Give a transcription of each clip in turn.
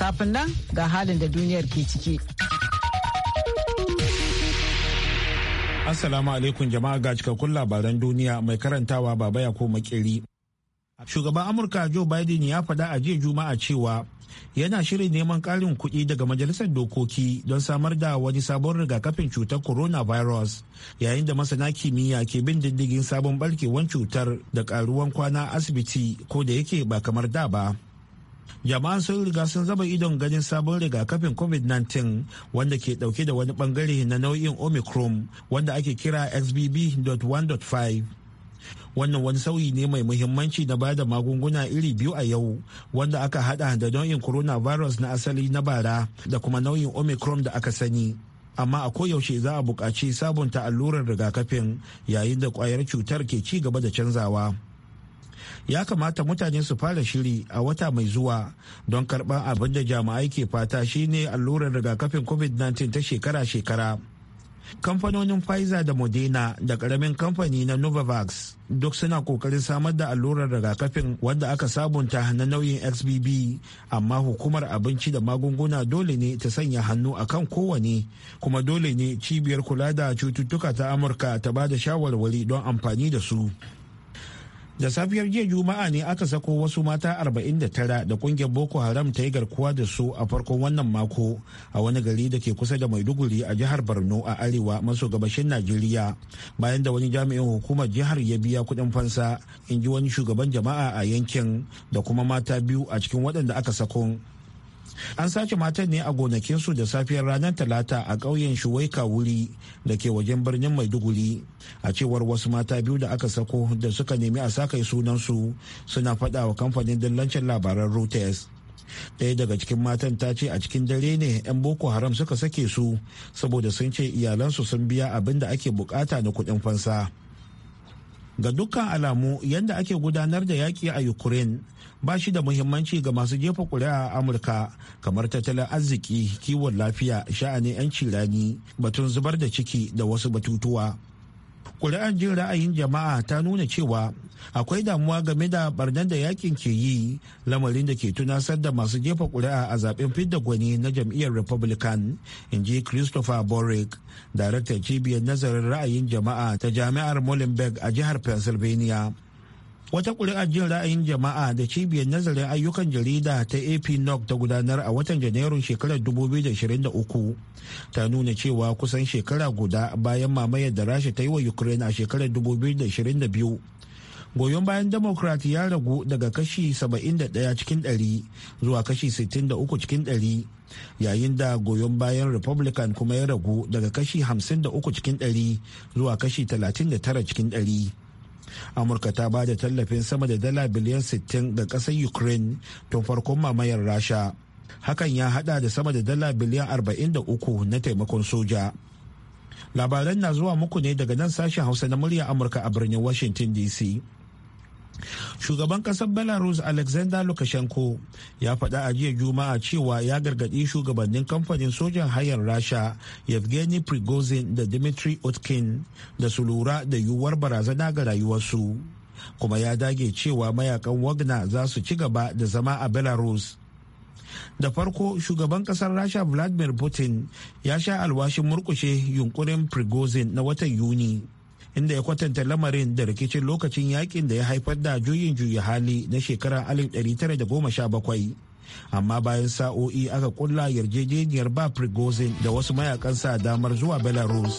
Kafin nan ga halin da duniyar ke ciki. Assalamu alaikum jama'a ga cikakkun labaran duniya mai karantawa baba ya ko makiri Shugaban Amurka Joe Biden ya faɗa a jiya Juma'a cewa yana shirin neman ƙarin kuɗi daga majalisar dokoki don samar da wani sabon rigakafin cutar coronavirus yayin da masana kimiyya ke bin diddigin sabon barkewar cutar da ƙaruwan kwana asibiti ko da yake ba kamar da ba. jama'an sun riga sun zaba idon ganin sabon rigakafin covid-19 wanda ke dauke da wani bangare na nau'in omicron wanda ake kira xbb.1.5 wannan wani sauyi ne mai muhimmanci na bada magunguna iri biyu a yau wanda aka hada da nau'in coronavirus na asali na bara da kuma nau'in omicron da aka sani amma a koyaushe za a buƙaci sabunta allurar rigakafin yayin da ƙwayar cutar ke ci gaba da canzawa. ya kamata mutane su fara shiri a wata mai zuwa don karɓar abin da jami'ai ke fata shine allurar rigakafin covid-19 ta shekara-shekara kamfanonin pfizer da modena da karamin kamfani na novavax duk suna kokarin samar da allurar rigakafin wanda aka sabunta na nauyin xbb amma hukumar abinci da magunguna dole ne ta sanya hannu a kan kowane kuma dole ne cibiyar kula da cututtuka ta amurka ta ba da shawarwari don amfani da su da safiyar jiya juma'a ne aka sako wasu mata 49 da kungiyar boko haram ta yi garkuwa da su a farkon wannan mako a wani gari da ke kusa da maiduguri a jihar borno a arewa maso gabashin najeriya bayan da wani jami'in hukumar jihar ya biya kuɗin fansa in ji wani shugaban jama'a a yankin da kuma mata biyu a cikin waɗanda aka sako. an sace matan ne a gonakinsu da safiyar ranar talata a ƙauyen shuwaika wuri da ke wajen birnin maiduguri a cewar wasu mata biyu da aka sako da suka nemi a sakai sunansu suna faɗa wa kamfanin dillancin labaran reuters ɗaya daga cikin matan ta ce a cikin dare ne 'yan boko haram suka sake su saboda sun ce iyalansu sun biya abin da ake bukata na kuɗin fansa ga dukkan alamu yadda ake gudanar da yaƙi a ukraine ba shi da muhimmanci ga masu jefa ƙuri'a a amurka kamar tattalin arziki kiwon lafiya sha'anin 'yanci rani batun zubar da ciki da wasu batutuwa kuri'an jin ra'ayin jama'a ta nuna cewa akwai damuwa game da barnar da yakin ke yi lamarin da ke tunasar da masu jefa kuri'a a zaben fidda gwani na jam'iyyar republican in ji christopher borick daraktan cibiyar nazarin ra'ayin jama'a ta jami'ar molenberg a jihar pennsylvania wata kuri'ar jin ra'ayin jama'a da cibiyar nazarin ayyukan jarida ta ap noc ta gudanar a watan janairun shekarar 2023 ta nuna cewa kusan shekara guda bayan mamayar da rasha ta yi wa ukraine a shekarar 2022 goyon bayan democrat ya ragu daga kashi 71 cikin 100 zuwa kashi 63 cikin 100 yayin da goyon bayan republican kuma ya ragu daga kashi 53 cikin 100 zuwa kashi 39 cikin 100 amurka ta ba da tallafin sama da dala biliyan 60 ga kasar ukraine tun farkon mamayar rasha hakan ya hada da sama da dala biliyan 43 na taimakon soja labaran na zuwa muku ne daga nan sashen hausa na murya amurka a birnin washington dc shugaban kasar belarus alexander lukashenko ya faɗa a jiya juma'a cewa ya gargaɗi shugabannin kamfanin sojan hayar rasha yevgeny prigozhin da dmitry utkin da su lura da yiwuwar barazana ga rayuwarsu kuma ya dage cewa mayakan wagner za su ci gaba da zama a belarus da farko shugaban kasar rasha vladimir putin ya sha alwashin murkushe yunkurin prigozhin na watan yuni inda ya kwatanta lamarin da rikicin lokacin yakin da ya haifar da juyin juya hali na shekarar bakwai amma bayan sa'o'i aka kulla yarjejeniyar ba prigozhin da wasu mayakansa damar zuwa belarus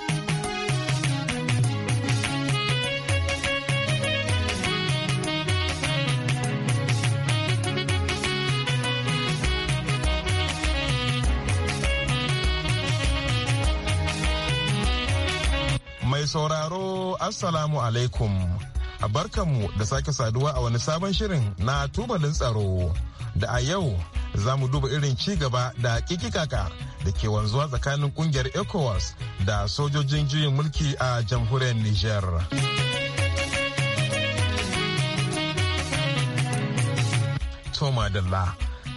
sauraro Assalamu alaikum. a Barkanmu da sake saduwa a wani sabon shirin na tubalin tsaro da a yau za mu duba irin ci gaba da kikikaka da ke wanzuwa tsakanin kungiyar ECOWAS da sojojin juyin mulki a jamhuriyar niger.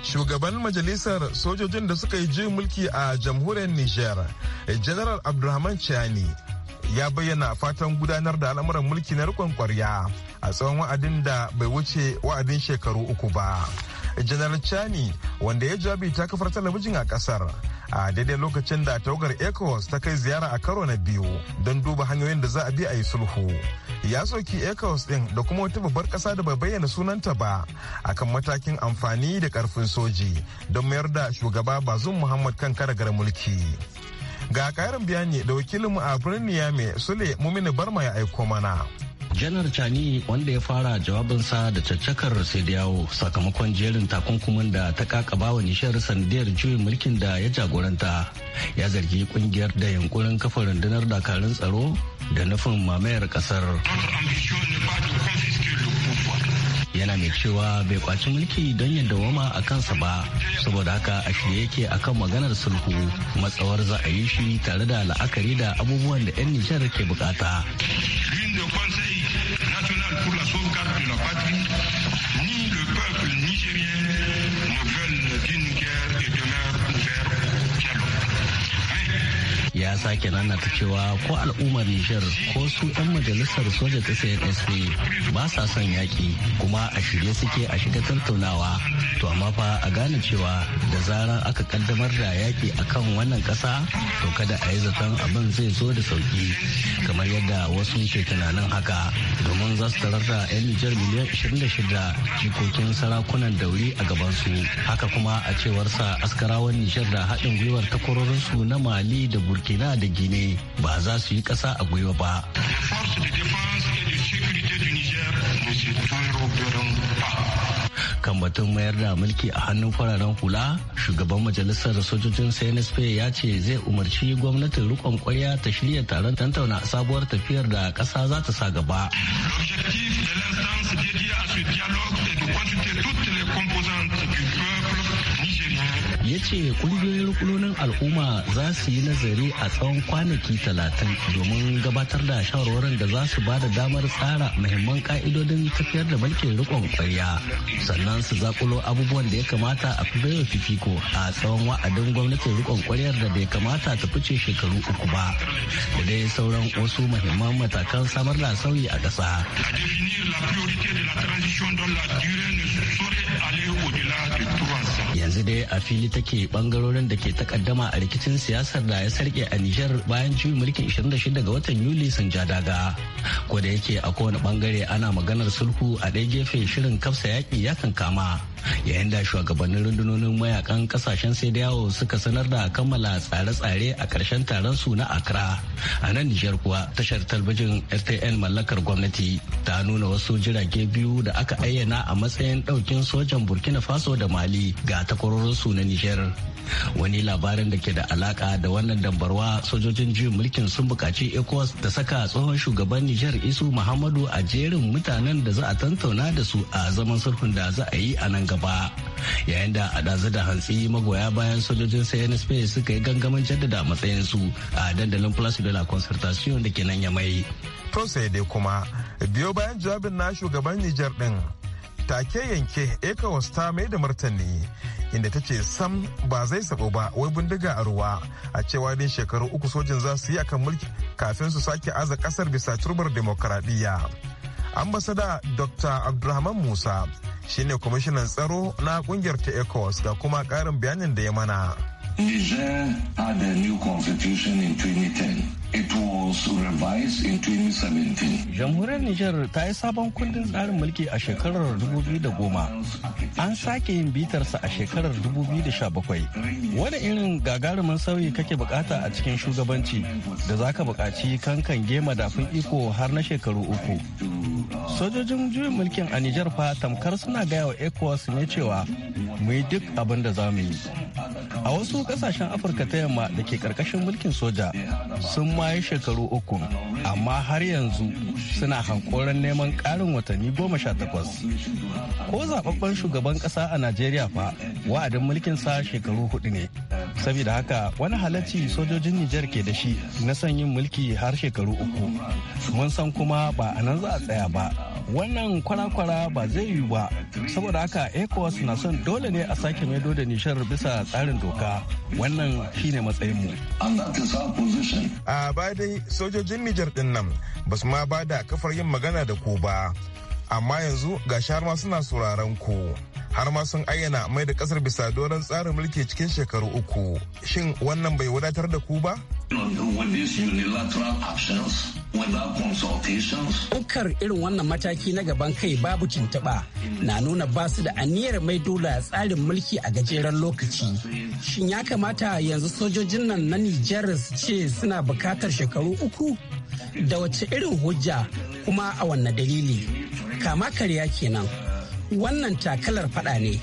shugaban majalisar sojojin da suka yi juyin mulki a jamhuriyar niger General Abdulrahman Chani ya bayyana fatan gudanar da al'amuran mulki na rikon kwarya a tsawon wa'adin da bai wuce wa'adin shekaru uku ba. janar chani wanda ya jabi ta kafar talabijin a kasar a daidai lokacin da tawagar ecowas ta kai ziyara a karo na biyu don duba hanyoyin da za a bi a yi sulhu ya soki ecowas din da kuma wata babbar kasa da bai bayyana sunanta ba akan matakin amfani da karfin soji don mayar da shugaba bazum muhammad kan karagar mulki Ga karin bayani da wakilinmu a birnin Niamey Sule Mumini Barma ya aiko mana. janar cani wanda ya fara jawabinsa da caccakar sai da yawo sakamakon jerin takunkumin da ta kakaba wa nishiyar sandiyar juyin mulkin da ya jagoranta ya zargi kungiyar da yankurin kafa rundunar dakarun tsaro da nufin mamayar kasar yana mai cewa bai kwaci mulki don ya dawama a kansa ba saboda haka a shirye yake akan maganar sulhu matsawar za a yi shi tare da la'akari da abubuwan da 'yan nijar ke bukata. ya sake nanata cewa ko al'ummar Nijar ko su 'yan majalisar soja ta CNSP ba sa son yaƙi kuma a shirye suke a shiga tattaunawa to amma fa a gane cewa da zarar aka kaddamar da yaƙi a kan wannan ƙasa to kada a yi zaton abin zai zo da sauki kamar yadda wasu ke tunanin haka domin za su tarar da 'yan Nijar miliyan 26 jikokin sarakunan dauri a gabansu haka kuma a cewar cewarsa askarawan Nijar da haɗin gwiwar takwarorinsu na Mali da Burkina burkina da gine ba za su yi ƙasa a gwiwa ba kan batun mayar da mulki a hannun fararen hula shugaban majalisar sojojin cnsp ya ce zai umarci gwamnatin rikon kwaya ta shirya taron tantauna sabuwar tafiyar da ƙasa za ta sa gaba ya ce kungiyoyin rukunonin al'umma za su yi nazari a tsawon kwanaki talatin domin gabatar da shawarwarin da za su ba da damar tsara muhimman ka'idodin tafiyar da mulkin rikon kwarya sannan su zakulo abubuwan da ya kamata a fi baiwa fifiko a tsawon wa'adin gwamnatin rikon kwaryar da bai kamata ta fice shekaru uku ba da dai sauran wasu muhimman matakan samar da sauyi a ƙasa. la priorité de la transition la durée ne saurait aller au-delà de yanzu dai a fili take bangarorin da ke takaddama a rikicin siyasar da ya sarke a Nijar bayan juyin mulkin 26 ga watan Yuli sun ja daga. Ko da yake a kowane bangare ana maganar sulhu a ɗaya gefe shirin kafsa yaƙi ya kan kama Yayin da shugabannin rundunonin mayakan kasashen sai da yawo suka sanar da kammala tsare-tsare a ƙarshen taron su na Accra. A nan Nijar kuwa tashar talbijin RTN mallakar gwamnati ta nuna wasu jirage biyu da aka ayyana a matsayin ɗaukin sojan Burkina Faso da Mali ga takwas takwarorinsu na Nijar. Wani labarin da ke da alaka da wannan dambarwa sojojin juyin mulkin sun buƙaci ECOWAS da saka tsohon shugaban Nijar Isu Muhammadu a jerin mutanen da za a tantauna da su a zaman sulhun da za a yi a nan gaba. Yayin da a ɗazu da hantsi magoya bayan sojojin CNSP suka yi gangamin jaddada matsayinsu a dandalin Place de la Concertation da ke nan ya mai. sai dai kuma biyo bayan jawabin na shugaban Nijar din. take yanke ecowas ta mai da martani inda ta ce sam ba zai sabo ba wai bindiga a ruwa a cewa din shekaru uku sojin za su yi akan mulki kafin su sake aza kasar bisa turbar demokaradiyya ambasada dr abdulrahman musa shine kwamishinan tsaro na kungiyar ta ecowas da kuma karin bayanin da ya mana Niger had new constitution in 2010. It was revised in 2017. Jamhuriyar Nijar ta yi sabon kundin tsarin mulki a shekarar 2010. An sake yin bitarsa a shekarar 2017. Wani irin gagarumin sauyi kake bukata a cikin shugabanci da zaka bukaci kankan gema dafin iko har na shekaru uku. Sojojin juyin mulkin a Nijar fa tamkar suna gaya wa ECOWAS ne cewa mu yi duk abin da za mu yi. a wasu kasashen afirka ta yamma da ke karkashin mulkin soja sun maye shekaru uku amma har yanzu suna hankoron neman karin watanni goma sha takwas ko zababben shugaban ƙasa a najeriya fa wa'adin mulkin sa shekaru hudu ne saboda haka wani halacci sojojin nijar ke da shi na son yin mulki har shekaru uku mun san kuma ba a nan za a tsaya ba wannan kwara-kwara ba zai yiwu ba saboda haka ecowas na son dole ne a sake maido da nishar bisa tsarin doka doka wannan shine matsayinmu. A ba dai sojojin Nijar din nan ba su ma ba da kafar yin magana da ku ba, amma yanzu ga har ma suna sauraron ku. Har ma sun ayyana mai da kasar bisa doron tsarin mulki cikin shekaru uku. Shin wannan bai wadatar da ku ba? Ukar irin wannan mataki na gaban kai babu tuntuɓa na nuna ba su da aniyar mai dola tsarin mulki a gajeren lokaci. Shin ya kamata yanzu sojojin nan na Nijar su ce suna bukatar shekaru uku? Da wace irin hujja kuma a wanne dalili? Kama karya kenan. Wannan takalar faɗa ne.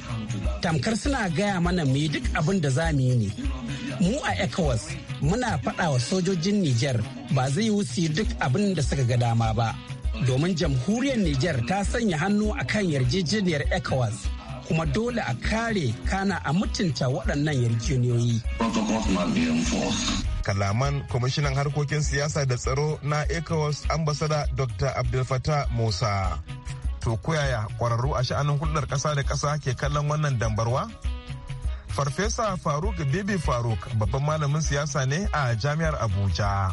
Tamkar suna gaya mana mai duk abin da za mu yi ne. Mu a ECOWAS muna faɗa wa sojojin Nijar ba zai yi wuce duk abin da suka ga dama ba. Domin jamhuriyar Nijar ta sanya hannu a kan yarjejeniyar ECOWAS kuma dole a kare kana a mutunta waɗannan yarjejeniyoyi. Kalaman kwamishinan harkokin siyasa da tsaro na ECOWAS ambasada Dr. Abdulfata Musa. To koyaya kwararru a sha'anin hulɗar ƙasa da ƙasa ke kallon wannan dambarwa? Farfesa Faruk Bibi Faruk babban malamin siyasa ne a Jami'ar Abuja.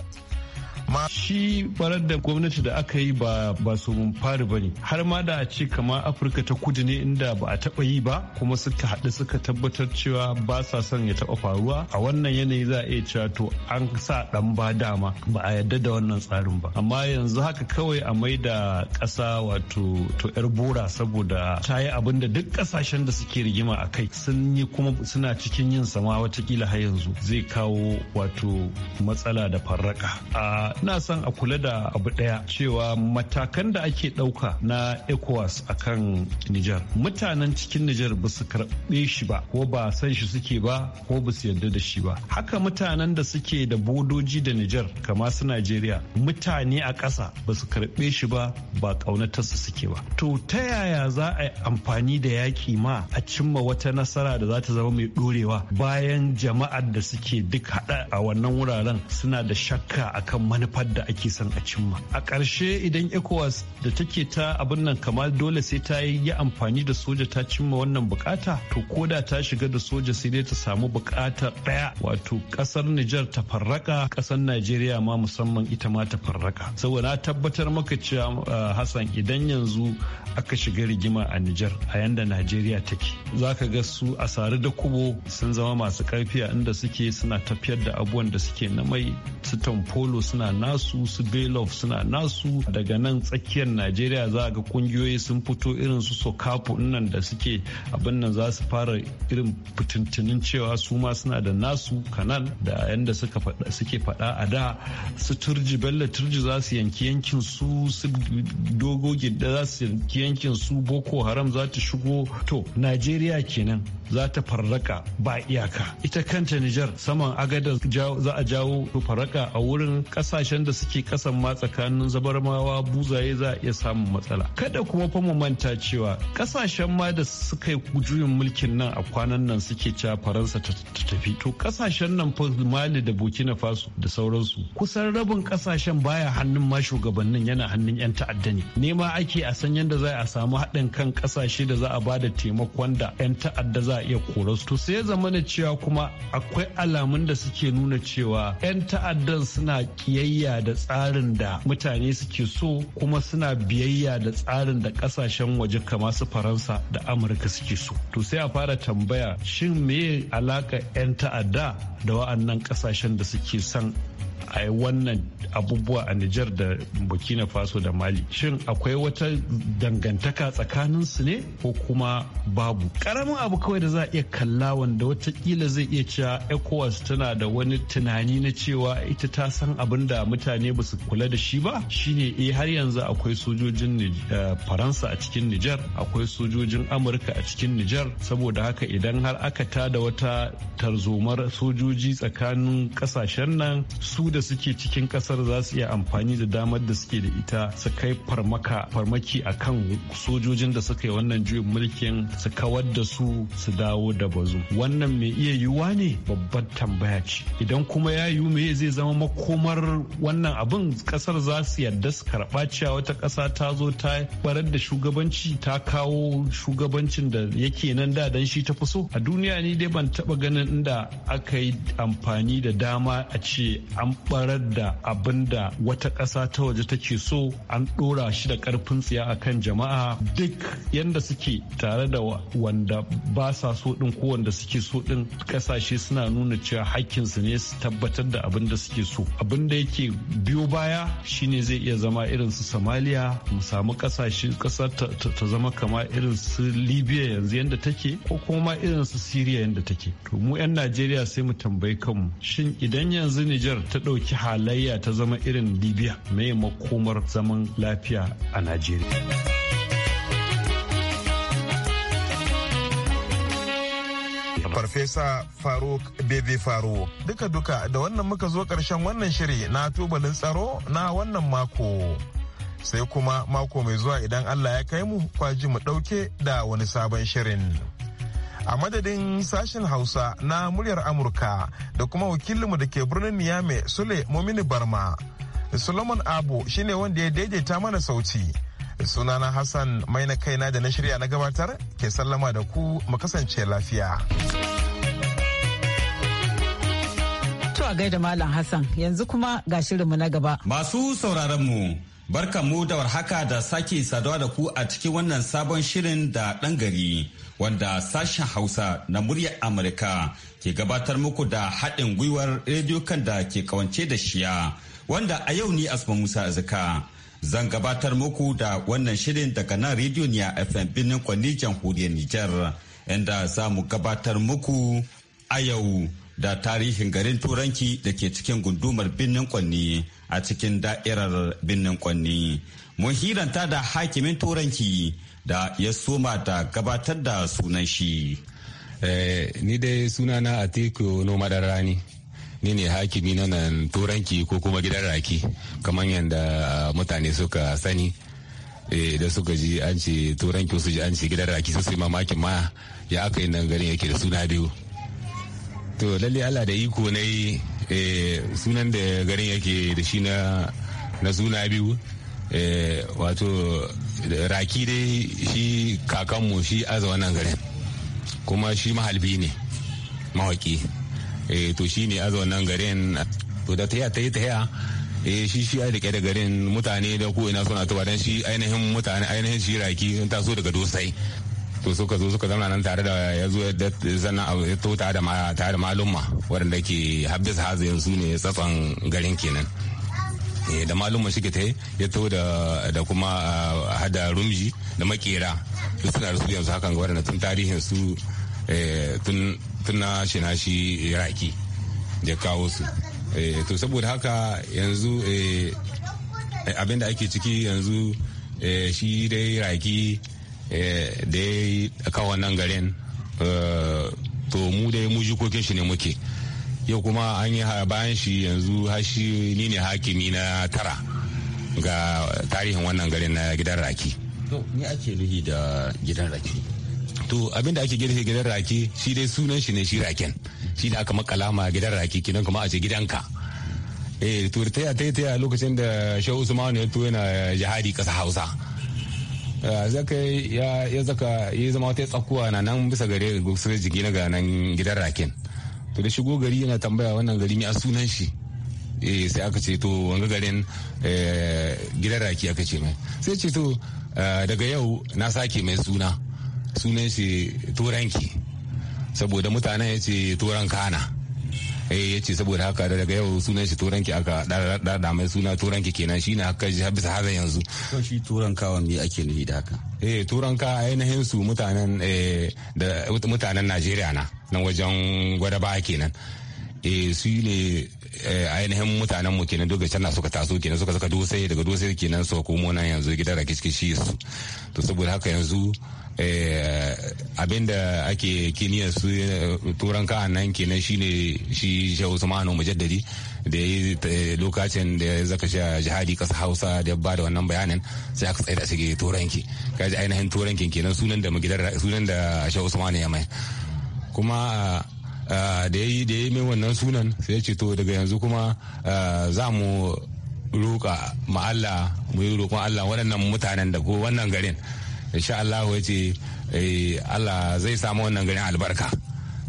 ma shi farar da gwamnati da aka yi ba ba su mun fari ba ne har ma da a ce kama afirka ta kudu ne inda ba a taba yi ba kuma suka haɗu suka tabbatar cewa ba sa son ya taba faruwa a wannan yanayi za a iya cewa to an sa dan ba dama ba a yadda da wannan tsarin ba amma yanzu haka kawai a mai da ƙasa wato to yar bora saboda ta yi abin da duk ƙasashen da suke rigima a kai sun yi kuma suna cikin yin sama watakila har yanzu zai kawo wato matsala da farraka a ina son a kula da abu daya cewa matakan da ake dauka na ECOWAS akan Nijar mutanen cikin Nijar ba su karɓe shi ba ko ba san shi suke ba ko ba su yarda da shi ba haka mutanen da suke da bodoji da Nijar kama su Najeriya mutane a ƙasa ba su karɓe shi ba ba su suke ba to ta yaya za a yi amfani da yaƙi ma a cimma wata nasara da za ta zama mai ɗorewa bayan jama'ar da suke duk haɗa a wannan wuraren suna da shakka akan manufa manufar da ake son a cimma a ƙarshe idan ecowas da take ta abin nan kamar dole sai ta yi amfani da soja ta cimma wannan bukata to ko da ta shiga da soja sai dai ta samu bukata ɗaya wato ƙasar nijar ta farraka ƙasar najeriya ma musamman ita ma ta farraka saboda tabbatar maka cewa uh, hassan idan yanzu aka shiga rigima a nijar a yanda najeriya take za ka ga su asari da kubo sun zama masu ƙarfi a inda suke suna tafiyar da abubuwan da suke na mai su tamfolo suna nasu su belof suna nasu daga nan tsakiyar najeriya za ga kungiyoyi sun fito irin su sokapu nan da suke abin nan za su fara irin fitintinin cewa su ma suna da nasu kanal da yadda suke faɗa a da su turji bello turji za su yanki yankin su su dogo gidda za su yanki yankin su boko haram za ta shigo to najeriya kenan za ta farraka ba iyaka ita kanta nijar saman agadar za a jawo farraka a wurin ƙasashe kasashen da suke kasan ma tsakanin zabarmawa buzaye za a iya samun matsala kada kuma fa mu manta cewa kasashen ma da suka juyin mulkin nan a kwanan nan suke cewa faransa ta tafi to kasashen nan fa mali da burkina faso da sauransu kusan rabin kasashen baya hannun ma shugabannin yana hannun yan ta'adda ne nema ake a san yadda za a samu haɗin kan kasashe da za a ba da taimakon da yan ta'adda za a iya korasu to sai ya zama cewa kuma akwai alamun da suke nuna cewa yan ta'addan suna kiyaye biyayya da tsarin da mutane suke so kuma suna biyayya da tsarin da kasashen waje kamar su faransa da amurka suke so to sai a fara tambaya shin me alaka 'yan ta'adda da wa'annan kasashen da suke son a yi wannan abubuwa a Nijar da Burkina Faso da Mali. Shin akwai wata dangantaka tsakanin su ne ko kuma babu? Karamin abu kawai da za a iya kalla wanda watakila zai iya cewa ECOWAS tana da wani tunani na cewa ita ta san abin da mutane ba su kula da shi ba shine eh har yanzu akwai sojojin eh, Faransa a cikin Nijar akwai sojojin Amurka a cikin Nijar saboda haka idan har aka tada wata tarzomar sojoji tsakanin kasashen nan su da da suke cikin kasar za su iya amfani da damar da suke da ita su kai farmaka farmaki akan sojojin da suka yi wannan juyin mulkin su kawar da su su dawo da bazu wannan mai iya yiwuwa ne babban tambaya ce idan kuma ya yiwu me zai zama makomar wannan abin kasar za su yarda su karɓa cewa wata ƙasa ta zo ta barar da shugabanci ta kawo shugabancin da yake nan da dan shi ta fi so a duniya ne dai ban taɓa ganin inda aka yi amfani da dama a ce an barar da abin da wata ƙasa ta waje take so an ɗora shi da ƙarfin tsiya a kan jama'a duk yadda suke tare da wanda ba sa so ɗin ko wanda suke so ɗin ƙasashe suna nuna cewa hakkinsu ne su tabbatar da abin da suke so abin da yake biyo baya shine zai iya zama irin su somalia mu samu ƙasashe ƙasar ta zama kama irin su libya yanzu yadda take ko kuma irin su syria yadda take to mu 'yan najeriya sai mu tambayi kanmu shin idan yanzu nijar ta ɗauki ɗauki halayya ta zama irin libya mai makomar zaman lafiya a najeriya Farfesa Faruk Bebe Faruk. Duka-duka da wannan muka zo ƙarshen wannan shiri na tubalin tsaro na wannan mako. Sai kuma mako mai zuwa idan Allah ya kai mu kwaji mu ɗauke da wani sabon shirin. a madadin sashen hausa na muryar amurka da kuma wakilinmu da ke birnin niyame sule momini barma solomon abu shine wanda ya daidaita mana sauti sunana hassan mai na kaina da na shirya na gabatar ke sallama da ku mu kasance lafiya gai gaida Malam Hassan yanzu kuma ga shirinmu na gaba. Masu sauraronmu barkanmu da warhaka da sake saduwa da ku a cikin wannan sabon shirin da ɗan gari. wanda sashen Hausa na muryar Amurka ke gabatar muku da haɗin gwiwar rediyo kan da ke kawance da shiya wanda a yau ni Asma Musa zika Zan gabatar muku da wannan shirin daga nan rediyo ne a FM birnin kwanni jamhuriyar Nijar inda za mu gabatar muku a yau da tarihin garin Turanki da ke cikin gundumar birnin kwanni a cikin da'irar birnin kwanni Mun hiranta da hakimin Turanki da ya soma da gabatar da sunan shi. Eh, ni dai sunana Atiku da Rani. Ni ne hakimi na nan turanki ko kuma gidan raki kamar yadda mutane suka sani eh, da suka ji an ce turanki su ji an ce gidan raki su mamakin ma ya aka yi nan garin yake da suna biyu. To lalle Allah da iko na eh, sunan da garin yake da shi na suna biyu Eh, wato raki dai shi kakanmu shi aza wannan garin kuma shi mahalbi ne mawaki eh, to shi ne aza wannan garin to da ta yi ta eh shi shi ai rike da garin mutane da ko ina suna tuba dan shi ainihin mutane ainihin shi raki in taso daga dosai to suka zo suka zama nan tare da ya zo da zanna ya to tare da tare da malumma waɗanda ke habdis hazin su ne tsatsan garin kenan Eh, da malumman shi ta ya tau da kuma ah, hada rumji da makera duk suna da su yanzu hakan ga wadanda tun tarihin su eh, tun na shi na shi iraki da kawo su eh, to saboda haka yanzu abinda ake ciki yanzu shi dai raki da ya kawo nan garin to mu dai mu jikokin shi ne muke yau kuma an yi bayan shi yanzu hashi ni ne hakimi na tara ga tarihin wannan garin na gidan raki ni ake nuhi da gidan raki to abin da ake girki gidan raki shi dai sunan shi ne shi raken shi da aka makala ma gidan raki kinan kuma a ce gidanka eh to ta ta ya lokacin da Shehu Usman ya to yana jihadi kasa Hausa eh, zaka ya ya zaka ya zama ta tsakuwa na nan bisa gare gusa jigi na ga nan gidan raken to da shigo gari yana tambaya wannan gari mai a sunan shi eh sai aka ce to wanga garin eh, gidan raki aka ce mai sai ce to eh, daga yau na sake mai suna sunan shi turanki saboda mutanen ya ce turan kana eh ya ce saboda haka daga yau sunan shi turanki aka dada mai suna turanki kenan shine haka bisa haza yanzu to shi wa me ake nufi da haka eh turanka ainihin su mutanen eh, da mutanen Najeriya na nan wajen gwada ba kenan eh su ne eh, ainihin mutanen mu kenan duk can suka taso kenan suka saka dosai daga dosai kenan su komo nan yanzu gidan rakiskishi su to saboda haka yanzu Eh, abinda ake kiniya su eh, turan kahan nan kenan shine shi shehu usmanu mujaddadi da ya eh, lokacin da ya zaka sha jihadi kasa hausa da ya da wannan bayanin sai aka tsaye da shi turanki kaji ainihin turankin kenan sunan da magidar sunan da shehu usmanu ya mai kuma da ya yi mai wannan sunan sai ya ce to daga yanzu kuma za mu roƙa ma Allah mu yi roƙon Allah waɗannan mutanen da ko wannan garin insha Allah ya ce eh, Allah zai samu wannan garin albarka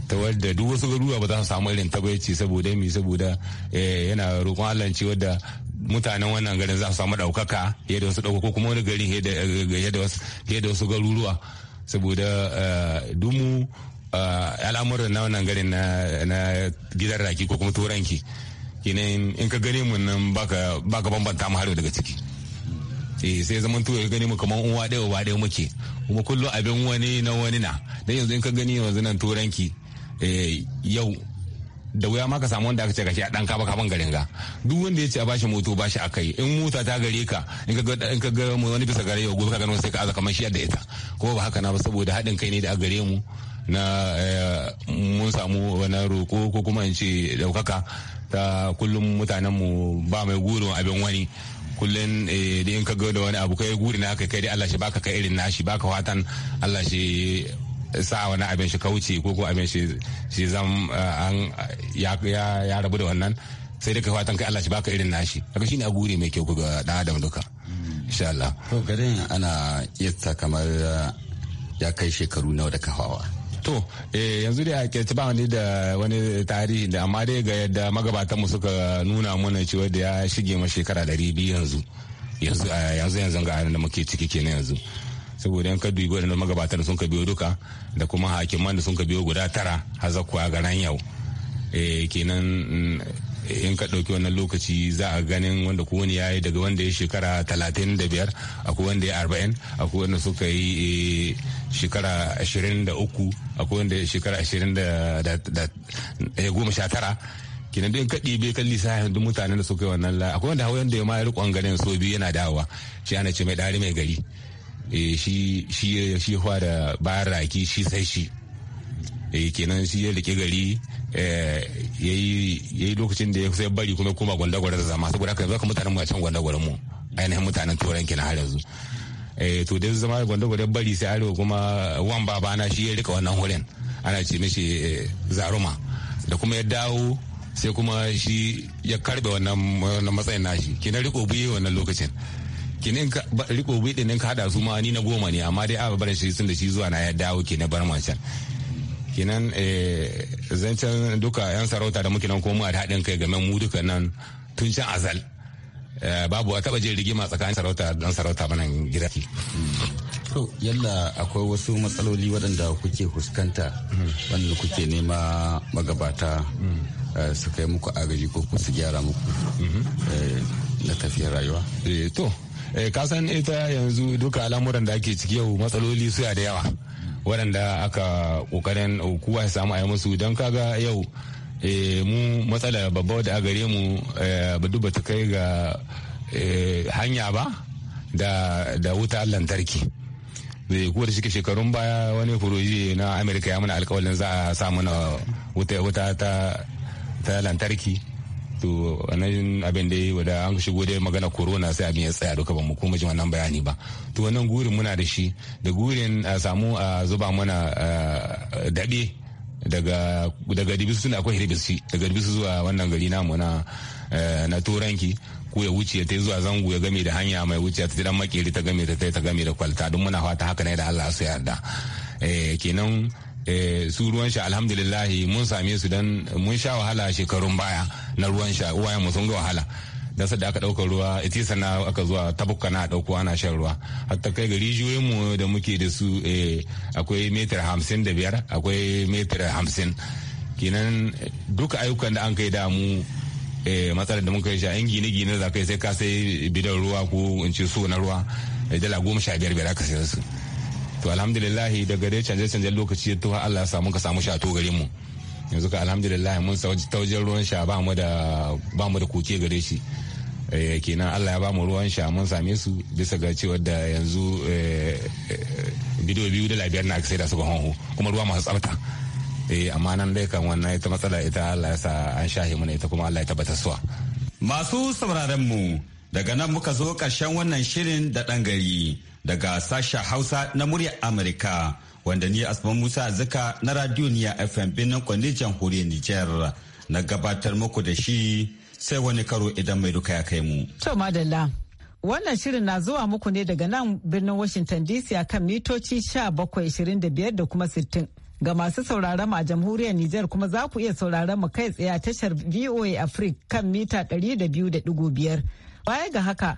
ta wadda duk wasu garuruwa ba za su samu irin tabbaci saboda mi saboda eh, yana roƙon Allah ce wadda mutanen wannan garin za su samu ɗaukaka yadda wasu ɗauka ko kuma wani garin yadda wasu garuruwa saboda eh, dumu al'amuran na wannan garin na gidan raki ko kuma turanki kinan in ka gane mun nan baka bambanta mu har daga ciki eh sai zaman ya gani mu kamar uwa ɗaya uba ɗaya muke kuma kullum abin wani na wani na dan yanzu in ka gani yanzu nan turanki eh yau da wuya ma ka samu wanda aka ce ka a dan ka baka garin ga duk wanda ya ce a bashi moto bashi akai in mota ta gare ka in ka ga in ka ga wani bisa gare yau gobe ka gano sai ka aza kamar shi da ita kuma ba haka na ba saboda haɗin kai ne da a gare mu na eh, mun samu wani roƙo ko kuma in ce daukaka ta kullum mutanen mu ba mai gurin abin wani kullum eh, da in ka ga da wani abu kai guri na kai kai dai Allah shi baka kai irin nashi baka watan Allah shi sa wani abin shi kauce ko ko abin shi zan eh, an ya rabu da wannan sai dai ka watan kai Allah shi baka irin nashi shi shine a guri mai kyau ga dan adam duka insha Allah to garin ana yatta kamar eh, ya kai shekaru nawa da kafawa to eh, yanzu da a ba wani da wani tarihi da amma dai ga yadda magabatanmu suka nuna mana cewa da ya shige ma shekara ɗari biyu yanzu yanzu yanzu yanzu ga da muke ciki kenan yanzu saboda yan ka dubi waɗanda magabatan sun ka biyo duka da kuma hakiman da sun ka biyo guda tara har zakkuwa garan yau eh, kenan mm, in ka ɗauki wannan lokaci za a ganin wanda kowane ya yi daga wanda ya shekara talatin da biyar akwai wanda ya arba'in akwai wanda suka yi eh, shekara ashirin da uku akwai wanda ya shekara ashirin da eh, goma sha tara kinan din kaɗi bai kalli sahihin duk mutanen da suka yi wannan la akwai wanda hawa da ya ma riƙon ganin so biyu yana dawowa shi ana ce mai ɗari mai gari eh, shi shi shi da bayan raki shi sai shi kenan shi ya rike gari Eh, ya yi lokacin da ya kusa bari kuma koma gwandagwar da zama saboda haka yanzu haka mutanen mu a can gwandagwara mu ainihin mutanen turan na har yanzu eh, to da zama ya bari sai arewa kuma wan na shi ya rika wannan hurin ana ce mishi eh, zaruma da kuma ya dawo sai kuma shi ya karbe wannan matsayin nashi kina riko biye wannan lokacin kinin riko biye din ka hada su ma ni na goma ne amma dai a barin shi sun da shi zuwa na ya dawo kina na bar can kinan eh, zancen duka 'yan sarauta da muke nan ko muna da haɗin kai game mu duka nan tun can azal eh, babu a taɓa jin rigima tsakanin sarauta dan sarauta mana nan gida to yalla akwai wasu matsaloli waɗanda kuke fuskanta wanda kuke nema magabata eh, su kai muku agaji ko su gyara muku na tafiyar rayuwa to kasan ita yanzu duka al'amuran da ake ciki yau matsaloli suya da yawa waɗanda aka ƙoƙarin uh, kowa ya samu a yi musu don kaga yau eh, mu matsalar babba da a gare mu eh, budu ba ta kai ga eh, hanya ba da wuta lantarki zai kuwa da shike shekarun baya wani furoji na amerika ya mana alkawalin za a samu na wuta ta lantarki to anan abin da yi wada an shigo dai magana corona sai abin ya tsaya duka ba mu kuma ji wannan bayani ba to wannan gurin muna da shi da gurin a samu a zuba mana daɗe daga daga dibisu tun akwai hirbisi daga dibisu zuwa wannan gari namu na eh, na turanki ko ya wuce ta zuwa zango ya game da hanya mai wuce ta dan makeri ta game ta ta game da kwalta don muna fata haka ne da Allah su yarda eh kenan Eh, su ruwan sha alhamdulillah mun same su dan mun sha wahala shekarun baya na ruwan sha uwayen mu sun ga wahala dan sadda aka ɗaukar ruwa ita sana aka zuwa tabuka na ɗauko ana shan ruwa hatta kai gari rijiyoyin mu da muke da su eh, akwai metar hamsin da biyar akwai metar hamsin kenan duka ayyukan da an kai da mu eh, matsalar da muka yi sha gine-gine za kai sai ka sai bidan ruwa ko in ce so na ruwa dala goma sha biyar biyar aka sayar su to alhamdulillah daga dai canje canjen lokaci ya tuha Allah ya samu ka samu shato gare mu yanzu ka alhamdulillah mun sauji taujin ruwan sha ba mu da ba mu da koke gare shi eh, kenan Allah ya ba mu ruwan sha mun same su bisa ga cewa da yanzu eh, eh, bidiyo biyu da labiyar na aka sai da su ga honho kuma ruwa masu tsafta eh amma nan dai kan wannan ita matsala ita Allah ya sa an shahe mana ita kuma Allah ya tabbatar suwa masu sauraron mu daga nan muka zo karshen wannan shirin da ɗan gari daga sashen Hausa na muryar Amurka wanda ni asman Musa Zika na Radio Niya FM birnin Kwandi Jamhuriyar Nijar na gabatar muku da shi sai wani karo idan mai duka ya kai mu. To madalla. Wannan shirin na zuwa muku ne daga nan birnin Washington DC a kan mitoci 1725 da kuma 60. Ga masu sauraron mu a jamhuriyar Nijar kuma za ku iya sauraron mu kai tsaye a tashar VOA Africa kan mita 200.5. Baya ga haka,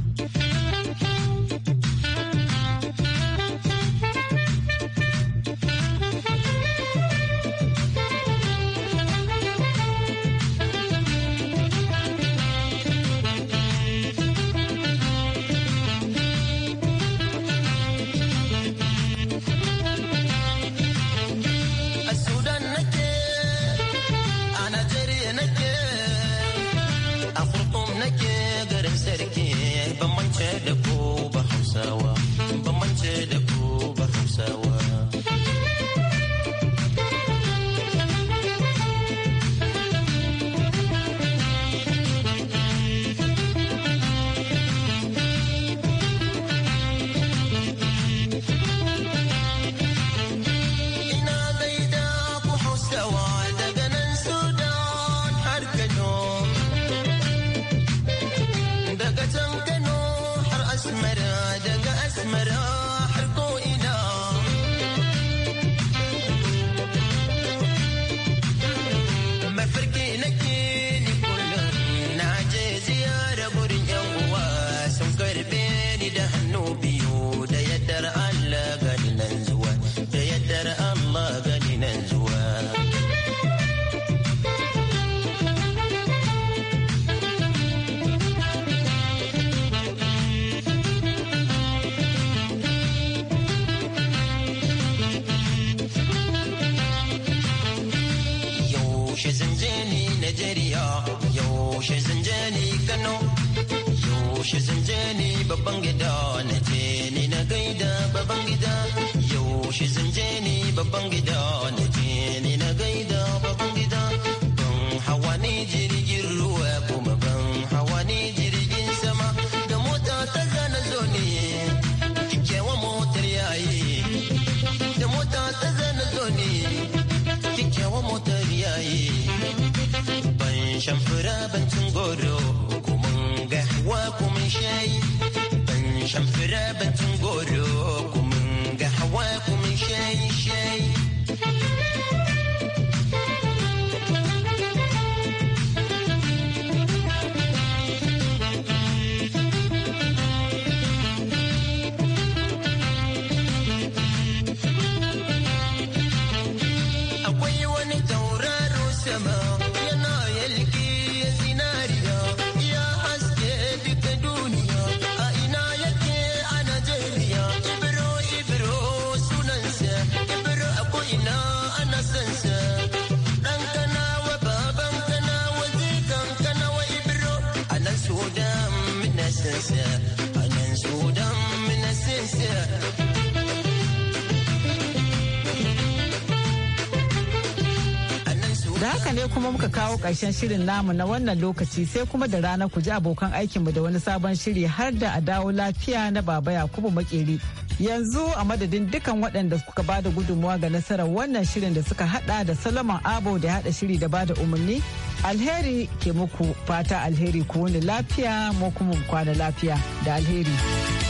kuma muka kawo ƙarshen shirin namu na wannan lokaci sai kuma da rana ku ji abokan aikinmu da wani sabon shiri har da a dawo lafiya na baba Yakubu Makeri. Yanzu a madadin dukan waɗanda suka bada gudunmuwa ga nasarar wannan shirin da suka hada da Solomon Abo da ya hada shiri da bada umarni. Alheri ke muku fata alheri ku wani lafiya mu kuma kwana lafiya da alheri.